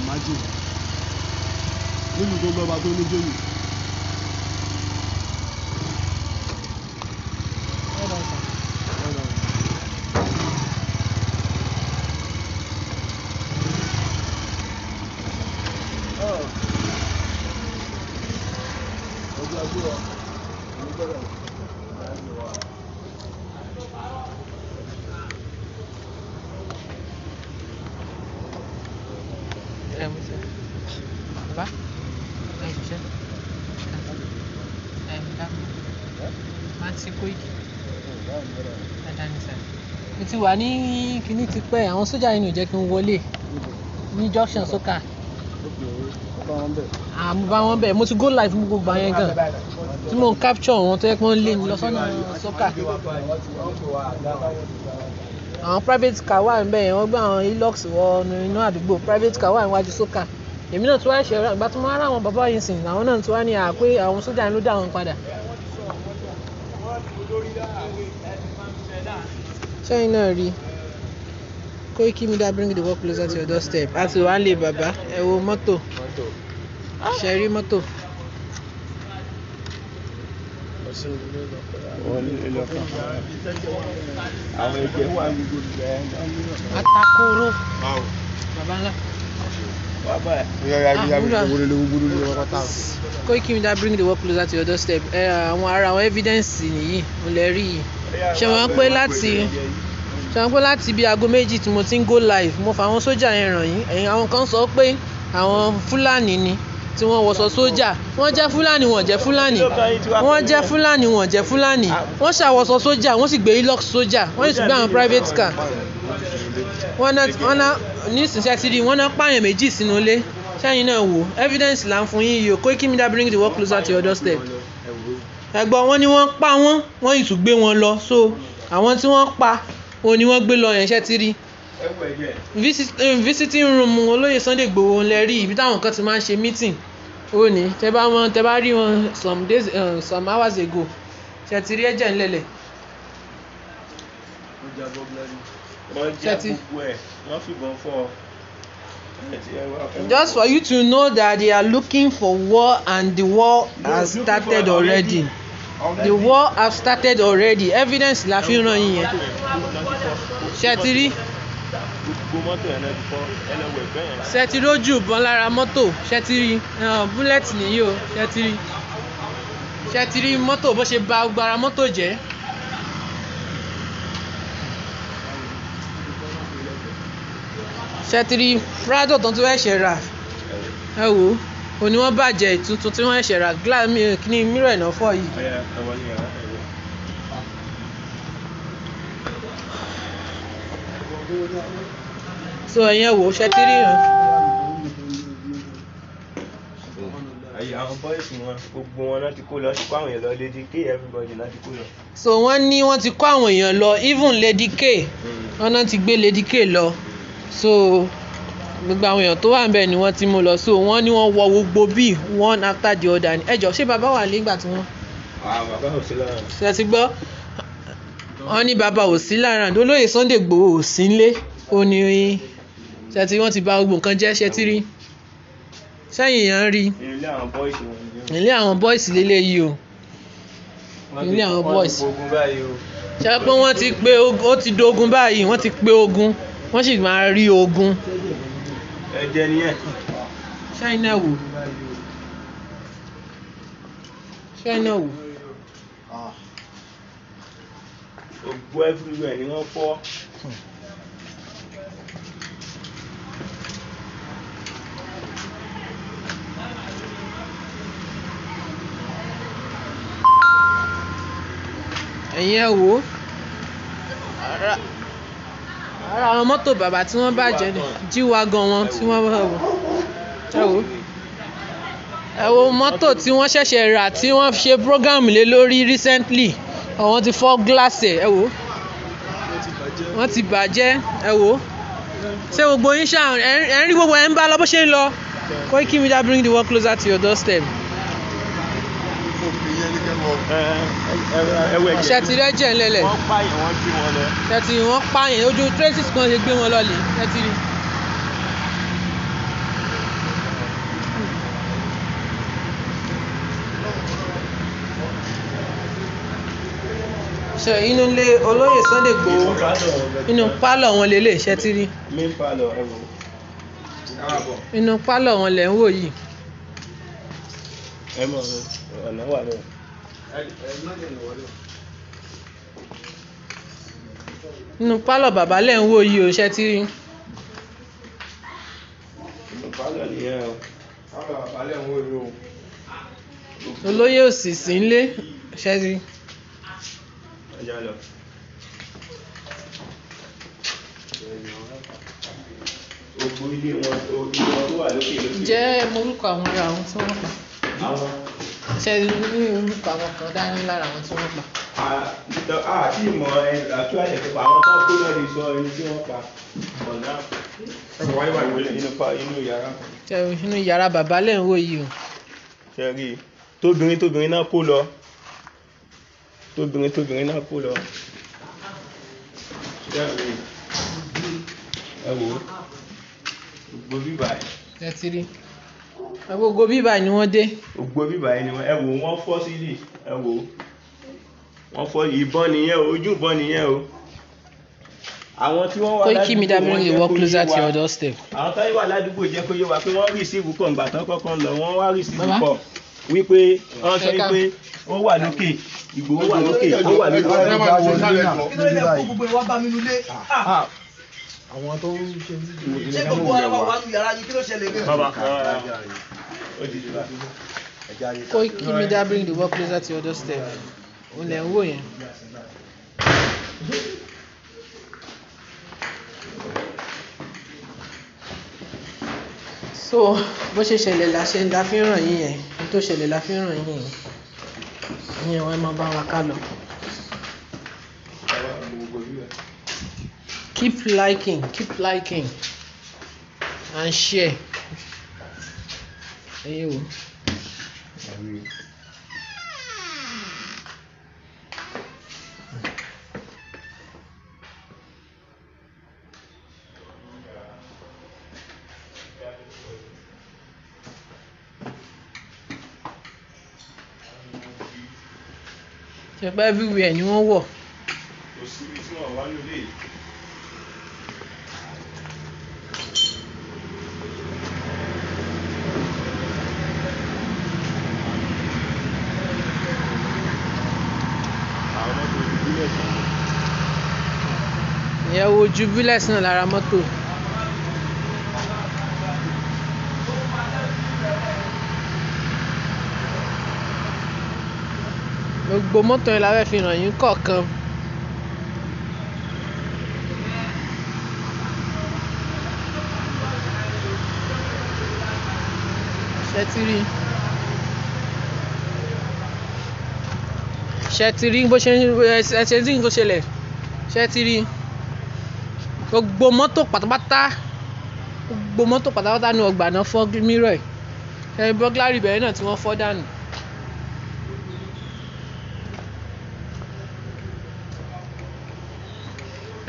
Speaker 3: imagine nínú gbogbo ọba tó ní jẹ́yìn.
Speaker 1: ní kinní ti pẹ́ àwọn sójà yìí ò jẹ́ kí n wọlé ní junction sókà àmúbá ah, wọn bẹ̀ mo ti go live fún gbogbo àyẹn gan tí mo ń capture wọn tó yẹ pé wọ́n lé mi lọ́sọ́nà sókà àwọn private car wà ń bẹ̀ yẹn wọ́n gbé àwọn Hilux wọ inú àdúgbò private car wà níwájú sókà èmi náà tí wọ́n ṣe ìgbà tí wọ́n rà àwọn bàbá yìí sìn àwọn náà tí wọ́n ní àpé àwọn sójà yìí ló dá àwọn padà. kẹ́yìn náà rí Koiki bring the work closer to your doorstep àti wàhálà baba. ẹ wo mọ́tò ṣe rí mọ́tò.
Speaker 3: atakoro bàbá ńlá. Ah,
Speaker 1: Koiki Media bring the work closer to your doorstep àwọn ara àwọn evidence nìyí mo lè rí yìí ṣe wọ́n pé láti ṣe wọn pé láti ibi aago méjì tí mo ti ń go live mo fà àwọn sójà yẹn ràn yín ẹ̀yin àwọn kan sọ pé àwọn fúlàní ni tí wọ́n wọṣọ sójà wọ́n jẹ́ fúlàní wọ́n jẹ́ fúlàní wọ́n jẹ́ fúlàní wọ́n jẹ́ fúlàní wọ́n ṣàwọṣọ sójà wọ́n sì gbé ilox sójà wọ́n sì gbé àwọn private car wọ́n ná nísinsìnyí ti rí wọ́n ná pààyàn méjì sínú ilé sẹ́yìn náà wò evidence là ń fún yín yìí o Koiki Media bring the work closer to your doorstep ẹ̀gbọ́n wọ́n ní wọ́n pa wọ́n wọ́n ìtúgbé wọn lọ so àwọn tí wọ́n pa òun ni wọ́n gbé lọ yẹn ṣẹ́ ti rí um, visiting room olóyè Sunday Igboho lẹ rí ibi táwọn kan ti máa ń ṣe meeting ó ní tẹ bá wọn tẹ bá rí wọn some days uh, some hours ago ṣẹ́ ti rí ẹ̀jẹ̀ ńlẹ̀lẹ̀. Just for you to know that they are looking for war and the war has started already the war has started already evidence la fi ràn yín yẹn ṣe ti rí ṣe ti rójú ìbọn lára mọ́tò ṣe ti rí búlẹ̀tì nìyí o ṣe ti rí ṣe ti rí mọ́tò bó ṣe ba gbara mọ́tò jẹ́. ṣe ti tó ń tún ẹ̀ṣẹ̀ rà ẹ wò ó òní wọ́n bàjẹ́ ìtuntun tí wọ́n ṣẹ̀ṣẹ̀ rà glass mi ní mìíràn ẹ̀nà fọ́ yìí. so ẹ̀yẹn wò ó ṣe tí rí hàn.
Speaker 3: àwọn boys wọn gbogbo wọn náà ti kó lọ ti kó àwọn èèyàn lọ lady k everybody náà ti kó lọ.
Speaker 1: so wọ́n ní wọ́n ti kó àwọn èèyàn lọ even lady k mm. wọ́n náà ti gbé lady k lọ so gbogbo àwọn èèyàn tó wà níbẹ̀ ni wọ́n ti mú lọ so wọ́n ní wọ́n wọ gbogbo bíi one after the other ni ẹjọ́ ṣé bàbá wà nígbà tí wọ́n. Ah, bàbá ò sí lára. ṣe ti gbọ́ wọ́n ní bàbá ò sí lára olóyè Sunday Igboho ò sí nílé ó ní ṣe ti wọ́n ti bà gbogbo nǹkan jẹ́ ṣe ti rí sẹ́yìn èèyàn rí ilé àwọn bọ́ìsì lélẹ̀ yìí o ilé àwọn bọ́ìsì ṣe pé wọ́n ti pé ogun ó ti dogun báyìí wọ́n ti pé ogun wọ́n sì máa rí ogun ẹ̀jẹ̀ nìyẹn. China wò China wò.
Speaker 3: Ah. ògbó everywhere ni wọ́n fọ́.
Speaker 1: ẹ̀yin ẹ̀ wò ara àwọn mọ́tò bàbá tí wọ́n bàjẹ́ ni G-Wagon wọn tí wọ́n bá wọ̀ ẹ̀wò ẹ̀wò mọ́tò tí wọ́n ṣẹ̀ṣẹ̀ rà tí wọ́n ṣe program lé lórí recently àwọn ti fọ́ gíláàsì ẹ̀wò wọ́n ti bàjẹ́ ẹ̀wò ṣé gbogbo yín ṣáà ẹ̀ ń rí gbogbo ẹ̀ ń bá lọ bó ṣe ń lọ Koiki Media bring the world closer to your doorstep
Speaker 3: ṣètìrẹ́ jẹ̀ ńlẹ̀lẹ̀ wọ́n pààyàn
Speaker 1: wọ́n gbé wọn lọ. ṣètìrì wọ́n pààyàn ojú traces kan ṣe gbé wọn lọ lè ṣètìrì. ṣe inú ilé olóyè Sunday Igboho inú pálọ̀ wọn lè lè ṣẹ́tírí inú pálọ̀ wọn lè ń wò yìí inú pálọ̀ bàbá lẹ́ ń wò yìí o ṣe ti rí.
Speaker 3: inú pálọ̀ nìyẹn o pálọ̀ bàbá lẹ́ ń wò yìí o.
Speaker 1: olóyè òsì sí ń ṣe ti rí. ọjà lọ. jẹ́ àwọn ará àwọn tí wọ́n pa ṣe ní orúkọ àwọn kan dání lára àwọn tí wọ́n pa.
Speaker 3: àti ìmọ̀ àti àyẹ̀ tó pa àwọn tó kó náà lè sọ ẹni tí wọ́n pa ọ̀nà survival inú yàrá.
Speaker 1: inú yàrá bàbá lè ń wò yìí o.
Speaker 3: ṣe tóbìnrin tóbìnrin náà kó lọ
Speaker 1: tóbìnrin tóbìnrin náà
Speaker 3: kó lọ ẹ wò ó gbogbo bíbá
Speaker 1: gbogbo bíbà ni wọ́n dé.
Speaker 3: gbogbo bíbà yìí ni wọ́n ẹ wò wọ́n fọ́ sílì ẹ wò wọ́n fọ́ ìbọn nìyẹn o ojú ìbọn nìyẹn o àwọn tí wọ́n wà ládùúgbò wọn jẹ́ kó yé wa àwọn tó wà ládùúgbò jẹ́ kó yé wa pé wọ́n rìsíìfù kọ̀ ǹgbà tán kọ́kọ́ lọ wọ́n wá rìsíìfù kọ̀ wípé wọ́n sọ wípé ó wà lókè Ìgbòho wà lókè ó wà lókè àwọn tó ń ṣe ní. ṣé gbogbo ara wa wà ní yàrá yìí kí ló ṣẹlẹ̀ bẹ́ẹ̀. bàbá Koiki Media
Speaker 1: bring the work closer to your doorstep òun ń wò yẹn. so bó ṣe ṣẹlẹ̀ la ṣe ń da fi ń ràn yín yẹn tó ṣẹlẹ̀ la fi ń ràn yín yẹn ìyẹn wọn máa bá wa ká lọ. keep liking keep liking and share ẹyin oh. everywhere you wọ́n wọ̀. ju búlẹ̀sì náà lára mọ́tò. gbogbo mọ́tò yẹn la fẹ́ fi hàn yín kọ̀ọ̀kan. ṣẹ́tìrì ṣẹ́tìrì bó ṣe ń ṣẹ́tìrì tó ṣẹlẹ̀ ṣẹ́tìrì gbogbo mọ́tò pátápátá gbogbo mọ́tò pátápátá ni ọgbà náà fọ́ mírọ̀ ẹ̀ ẹ̀yìn bọ́gláàrì bẹ̀rẹ̀ náà tí wọ́n fọ́ dànù.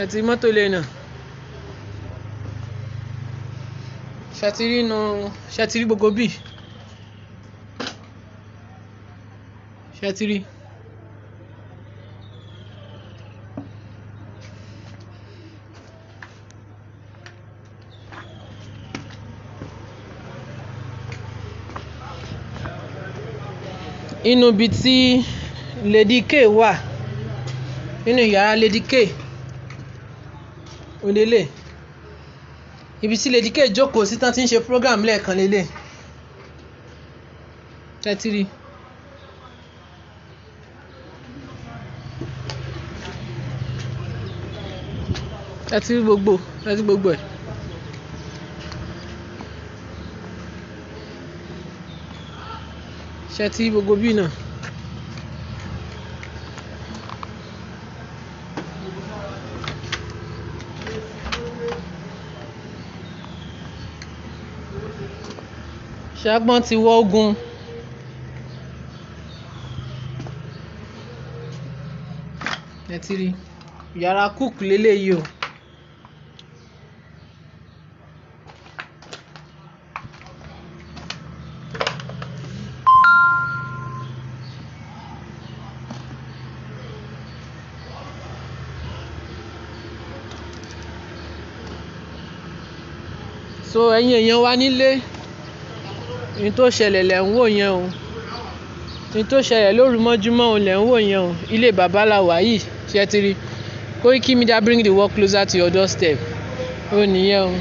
Speaker 1: àti mọ́tò lè nà ṣàtìrí nu ṣàtìrí gbogbo bíi ṣàtìrí. inú ibi tí Lady K wà nínú yàrá Lady K òun lélẹ̀ ibi tí Lady K jókòó sí tán ti ń ṣe program lẹ́ẹ̀kan lélẹ̀ tẹ́tírì. ẹ ti rí gbogbo ẹ ti gbogbo ẹ. ṣe ti gbogbo bí náà. ṣàgbọ́n ti wọ́ ogun. ẹ ti rí yàrá cook lélẹ́yìí o. ẹ̀yin èèyàn wa nílé ní tó ṣẹlẹ̀ lẹ̀ ń wò yẹn o ní tó ṣẹlẹ̀ lóru mọ́júmọ́ o lẹ̀ ń wò yẹn o ilé bàbá la wà yìí ṣe ti rí Koiki Media bring the work closer to your doorstep ó nìyẹn o.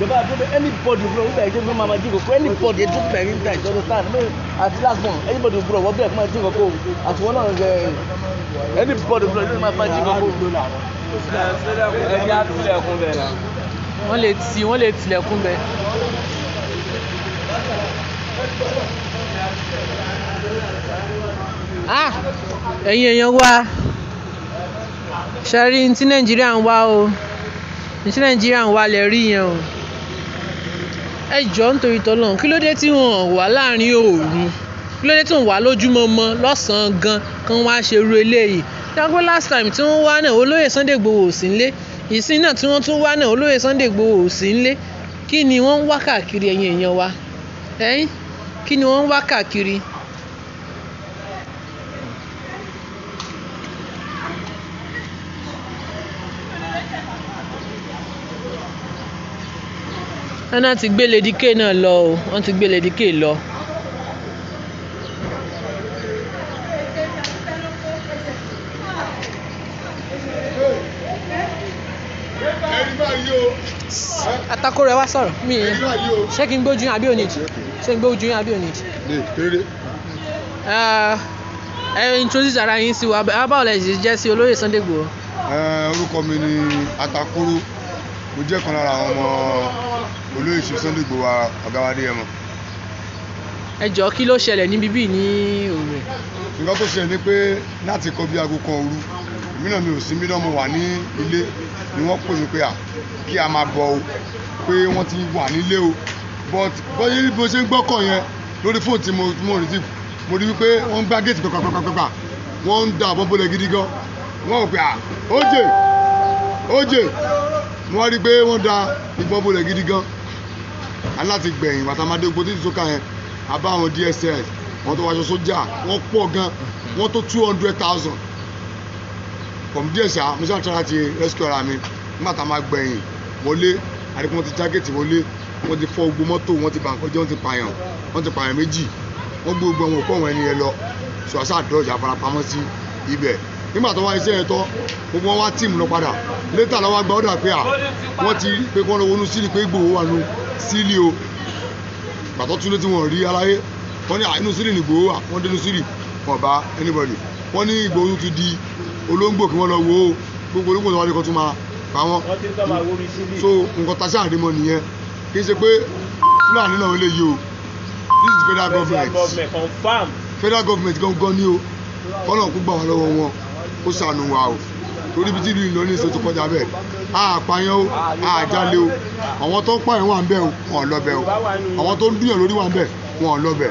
Speaker 3: ìjọba àdúgbò anybody gbúdọ̀ wọ́n bẹ̀rẹ̀ ìjọba máa dín kòkó anybody ẹ̀dùn bẹ̀rẹ̀ níta ìjọba stand àti last one anybody
Speaker 1: gbúdọ̀ wọ́n bẹ̀rẹ̀ máa dín kòkó àti wọn náà anybody gbúdọ̀ ìjọba máa dín kòkó.
Speaker 3: ẹja tilẹ̀kùn bẹ̀ náà.
Speaker 1: wọ́n lè ti wọ́n lè tilẹ̀kùn bẹ̀. Ah, ẹ̀yin èèyàn wa ṣe rí ní ti nàìjíríà ń wá o ní ti nàìjíríà ń wá lè rí yẹn o ẹ jọ̀ọ́ nítorí tọ́lọ́run kí ló dé tí wọ́n wà láàrin òru kí ló dé tí wọ́n wà lójúmọmọ lọ́sàn-án gan kan wá ṣe irú eléyìí dágbó last time tí wọ́n wá náà olóyè Sunday Igboho ò sí nílé ìsìn náà tí wọ́n tún wá náà olóyè Sunday Igboho ò sí nílé kí ni wọ́n ń wá káàkiri ẹ̀yin èèyàn wa ẹ̀yin kí ni wọ́n ń wá káàkiri
Speaker 2: wọn náà ti gbé Lady K náà
Speaker 1: lọ o wọn ti gbé Lady K lọ. atako rẹ wá sọ̀rọ̀ mi yẹn ṣé kí n gbójú yín àbí òní jì ṣé n gbójú yín àbí òní jì. ẹ introduce ara yín sí wa báwo lẹ ṣe jẹ́ sí olóyè Sunday Igboho.
Speaker 4: orúkọ mi ni Atakoro
Speaker 1: mo jẹ́ kan lára àwọn ọmọ olóyè
Speaker 4: ṣe Sunday Igboho ọ̀gá wa Adéyẹmọ. ẹ jọ̀ọ́ kí ló ṣẹlẹ̀ níbi bíi ní òru nǹkan tó ṣẹlẹ̀ ni pé láti kọ bí aago kan òru èmi náà mi ò sí mílíọ̀nù mo wà ní ilé ni wọ́n pè mí pé à kí a máa bọ̀ o pé wọ́n ti wà nílé o but bọ́yé bó ṣe ń gbọ́kọ̀ yẹn lórí fóònù tí mo rí mo rí wípé wọ́n ń gbá géètì pàpàpàpàpà wọ́n ń da àbọ̀ bọ́lẹ̀ gidi gan wọ́n ò pé à ójè ójè wọ́n rí pé wọ́n da ìbọn bọ́lẹ̀ gidi gan aláti gbẹ̀yìn bàtàmádé gbogbo títí tó ká yẹn abá àwọn DSS wọn tó wáṣọ sójà wọn pọ̀ gan wọn tó two hundred thousand from DSS mission try to rescue ara mi nígbà tá a máa gbẹ̀yìn wọlé àdìpọ̀ wọn ti jágẹ̀tì wọlé wọn ti fọ́ gbogbo mọ́tò wọn ti bàǹkọ́jẹ́ wọn ti pààyàn wọn ti pààyàn méjì wọn gbé gbogbo àwọn òkú àwọn ẹni yẹn lọ sọ àṣà àdọ́jà farapamọ́ sí ibẹ̀ nígbà tó wá iṣẹ́ yẹn gbogbo wọn wá tíìmù lọ padà létà lọ́wọ́ gba ọ̀dà pé à wọ́n ti rí pé kí lọ wọnú sílì pé Ìgbòho wà nù sílì o gbàtọ́ tún lé tí wọ́n rí aláyé wọ́n ní àìnú sílì ní Ìgbòho wà wọ́n dénú sílì wọ́n bá anybody wọ́n ní Ìgbòho ti di olóńgbò kí wọ́n lọ wo gbogbo olóńgbò tó wà ní tún máa pa wọ́n so nǹkan tá a ṣáà rí nìyẹn kì í ṣe pé Fúlàní náà lè yí o this is federal government federal government gan gan ni o kọ́nà kú gbà lọ́wọ́ wọn kó ṣàánú wa o torí bí tìlú ìlọrin ṣe tó kọjá bẹ́ẹ̀ àpàyàn o àjálẹ o àwọn tó ń pààyàn wà ń bẹ o wọn ò lọbẹ o àwọn tó ń dúyàn lórí wà ń bẹ wọn ò lọbẹ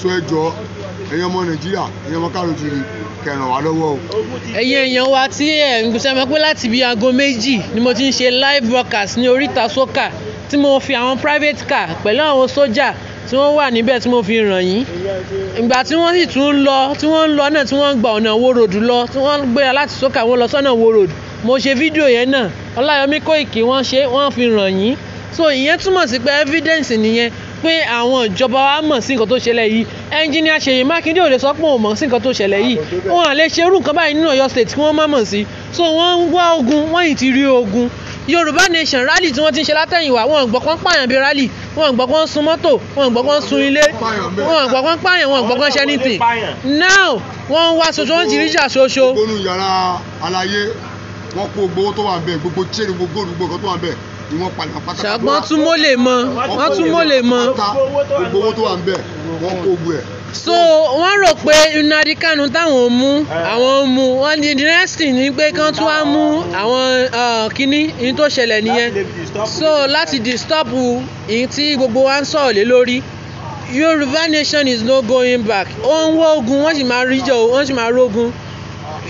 Speaker 4: so ẹ jọ ẹ̀yin
Speaker 1: ọmọ nàìjíríà ẹ̀yin ọmọ kárò
Speaker 4: kiri kẹràn wá lọ́wọ́ o.
Speaker 1: ẹ̀yin èèyàn wa tí ẹ̀ ń gbèsè mọ́ pé láti bíi aago méjì ni mo ti ń ṣe live broadcast ní oríta sókà tí mo fi àwọn private car pẹ̀lú àwọn sójà tí wọ́n wà níbẹ̀ tí mo fi ràn yín ìgbà tí wọ́n sì tún ń lọ tí wọ́n ń lọ náà tí wọ́n ń gba ọ̀nà wo ròdù lọ tí wọ́n ń gbéra láti sókà wọn lọ sọ́nà wo ròdù mo ṣe fídíò yẹn náà Ọláyọmí Kóìkì wọ́n ṣe wọ́n fi ràn yín so ìyẹn túmọ̀ sí pé evidence nìyẹn pé àwọn ìjọba wa mọ̀ sí nǹkan tó ṣẹlẹ̀ yìí ẹnjìníà Ṣèyí Mákindé ò lè sọ pé òun mọ̀ sí nǹkan tó ṣẹlẹ̀ yìí wọn à lè ṣerú nǹkan báyìí nínú Ọ̀yọ́ state kí wọ́n má mọ̀ sí so wọ́n ń wá ogun wọ́n yìí ti rí ogun yorùbá nation rally tí wọ́n ti ń ṣe látẹ̀yìnwá wọn gbọ̀kan pààyàn bíi rally wọn gbọ̀kan sun mọ́tò wọn gbọ̀kan sun ilé wọn gbọ̀kan pààyàn wọn gbọ̀kan ṣe anything now wọ́n ń wá ṣoṣo wọ́n ti rí ìjà
Speaker 4: ṣoṣo. gbónú yàrá àlàyé wọn kó gbowó tó wà bẹ́ẹ̀ gbogbo chain gbogbo gbogbo tó wà bẹ́ẹ̀ ni wọ́n padà pátákó. ṣàgbọ́n tún mọ́lẹ̀ mọ́ wọ́n tún mọ́lẹ̀ mọ́. gbogbo owó tó wà bẹ́ẹ̀ wọ́n kó gbogbo ẹ̀
Speaker 1: so wọ́n rò pé Nnamdi Kanu táwọn mú àwọn mú wọ́n ní the next thing ni pé kán tún wá mú àwọn kínní ní tó ṣẹlẹ̀ nìyẹn so láti disturb yìí tí gbogbo wa ń sọ̀rọ̀ lé lórí Yorùbá nation is no going back ó ń wó ogun wọ́n sì máa ríjọ wọ́n sì máa rógun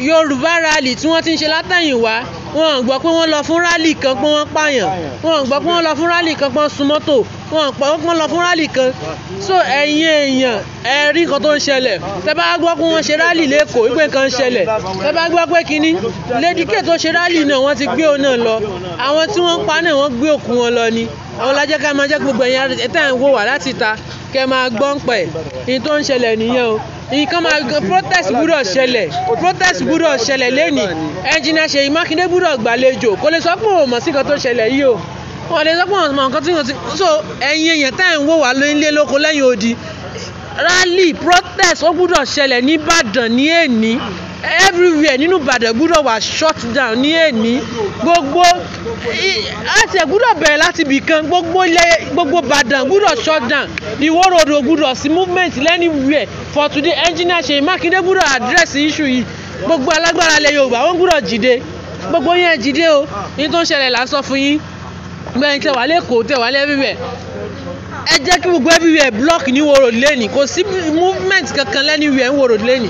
Speaker 1: Yorùbá rally tí wọ́n ti ń ṣe látẹ̀yìnwá wọn gbọ́ pé wọ́n lọ fún rálì kan pé wọ́n pààyàn wọn gbọ́ pé wọ́n lọ fún rálì kan pé wọ́n sun mọ́tò wọn gbọ́ pé wọ́n lọ fún rálì kan so ẹ̀yin èèyàn ẹ rí nǹkan tó ń ṣẹlẹ̀ tẹ bá gbọ́ pé wọ́n ṣe rálì lẹ́kọ̀ọ́ wípé nǹkan ń ṣẹlẹ̀ tẹ bá gbọ́ pé kínní lédìkè tó ṣe rálì náà wọ́n ti gbé òun náà lọ àwọn tí wọ́n pa náà wọ́n gbé òkú wọn lọ ni àwọn lajẹ́ ká máa jẹ́ gbogbo ẹ̀yin ẹ̀tẹ́ ń wò wá láti ta kẹ́ máa gbọ́ ń pẹ̀ ní nǹkan máa gan protest gbúdọ̀ ṣẹlẹ̀ protest gbúdọ̀ ṣẹlẹ̀ lẹ́nìí ẹnjìnà Ṣèyí Mákindé gbúdọ̀ gbàlejò kò lè sọ pé òun mọ̀ sí nǹkan tó ṣẹlẹ̀ yìí o wọn lè sọ pé òun mọ̀ nǹkan tí wọ́n ti so ẹ̀yin èèyàn tá à ń wò wá nílé lóko lẹ́yìn odi rally protest ó gbúdọ̀ ṣẹlẹ̀ ní Ìbàdàn ní èní everywhere nínú Ìbàdàn gbúdọ̀ wà shut down ní èní gbogbo àti ẹ̀ gbúdọ̀ bẹ̀rẹ̀ láti ibì kan gbogbo ilẹ̀ gbogbo Ìbàdàn gbúdọ̀ shut down ìwó ròdò gbúdọ̀ sí movement anywhere for today engineer Ṣèyí Mákindé gbúdọ̀ address issue yìí gbogbo alágbára ilẹ̀ Yorùbá wọn gbúdọ̀ jìde gbogbo yẹn jìde o yín tó ń ṣẹlẹ̀ là ń sọ fún yín gbẹ̀yìn tẹ̀wálé kò tẹ̀wálé everywhere ẹ jẹ́ kí gbogbo everywhere block ní wo road lẹ́nì kò sí movement kankan lẹ́ni wíwẹ̀ ń wo road lẹ́nì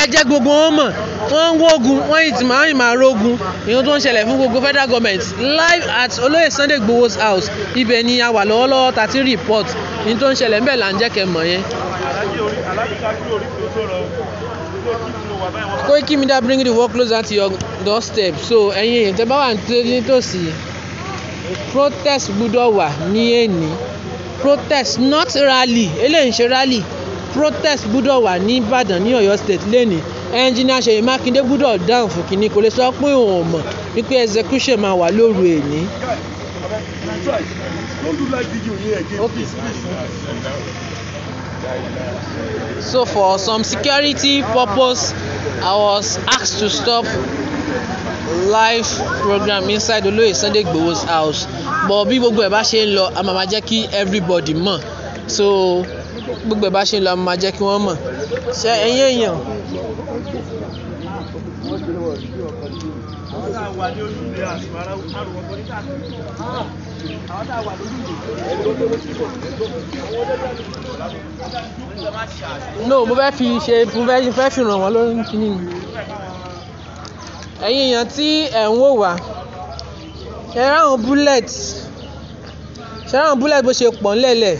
Speaker 1: ẹ jẹ́ gbogbo wọn mọ̀ wọ́n ń wógun wọ́n yìí ti máa ń máa rógun ìyẹn tó ń ṣẹlẹ̀ fún gbogbo federal government live at olóyè Sunday Igboho's house ibẹ̀ ni a wà lọ́wọ́lọ́wọ́ ta ti report ìyẹn tó ń ṣẹlẹ̀ ń bẹ̀ là ń jẹ́ kẹ́ mọ̀ yẹn. Koiki Media bring the work closer to your doorstep so ẹ̀yin èyí tẹ́ bá wà ní tòsí protest gbúdọ̀ wà ní èní protest not rally eléyìí ń ṣe rally protest gbúdọ̀ wà ní Ìbàdàn ní Ọ̀yọ́ state lẹ́nìí ẹnjìnìá Ṣèyí Mákindé gbúdọ̀ dáhùn fún kínní kò lè sọ pé òun ò mọ̀ wípé execution máa wà lóru èní. So for some security purpose, I was asked to stop live program inside Oloye Sunday Igboho's house but bí gbogbo ẹ̀ bá ṣe ń lọ a máa ma kí everybody mọ̀ so gbogbo ẹ̀ bá ṣe ń lọ a máa ma jẹ́ kí wọ́n mọ̀ ṣe ẹ̀yin èèyàn. no mo fẹ́ fi ṣe mo fẹ́ fi ràn wọ́n lórí kíní ẹ̀yin èèyàn tí ẹ̀ ń wò wá ṣe ráhùn bullet ṣe ráhùn bullet bó ṣe pọ̀ ńlẹ̀lẹ̀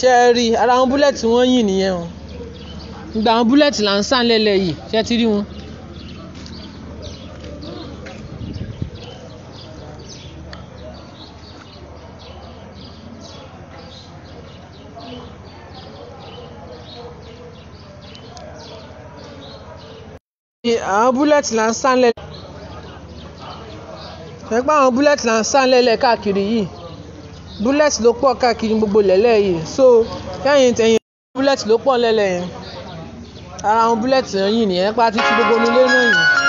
Speaker 1: ṣe rí ara àwọn bullet wọ́n yìn nìyẹn o gba àwọn bullet là ń sàn lẹ́lẹ̀ yìí ṣe ti rí wọn. àwọn bullet là ń sàn lẹ́lẹ̀ ṣe pé àwọn bullet là ń sàn lẹ́lẹ̀ káàkiri yìí bullet ló pọ̀ káàkiri gbogbo lẹ́lẹ̀ yìí so kẹ́yìn tẹ̀yìn bullet ló pọ̀ lẹ́lẹ̀ yẹn ara àwọn bullet yẹn yìí nìyẹn pa títí gbogbo nílé náà yìí.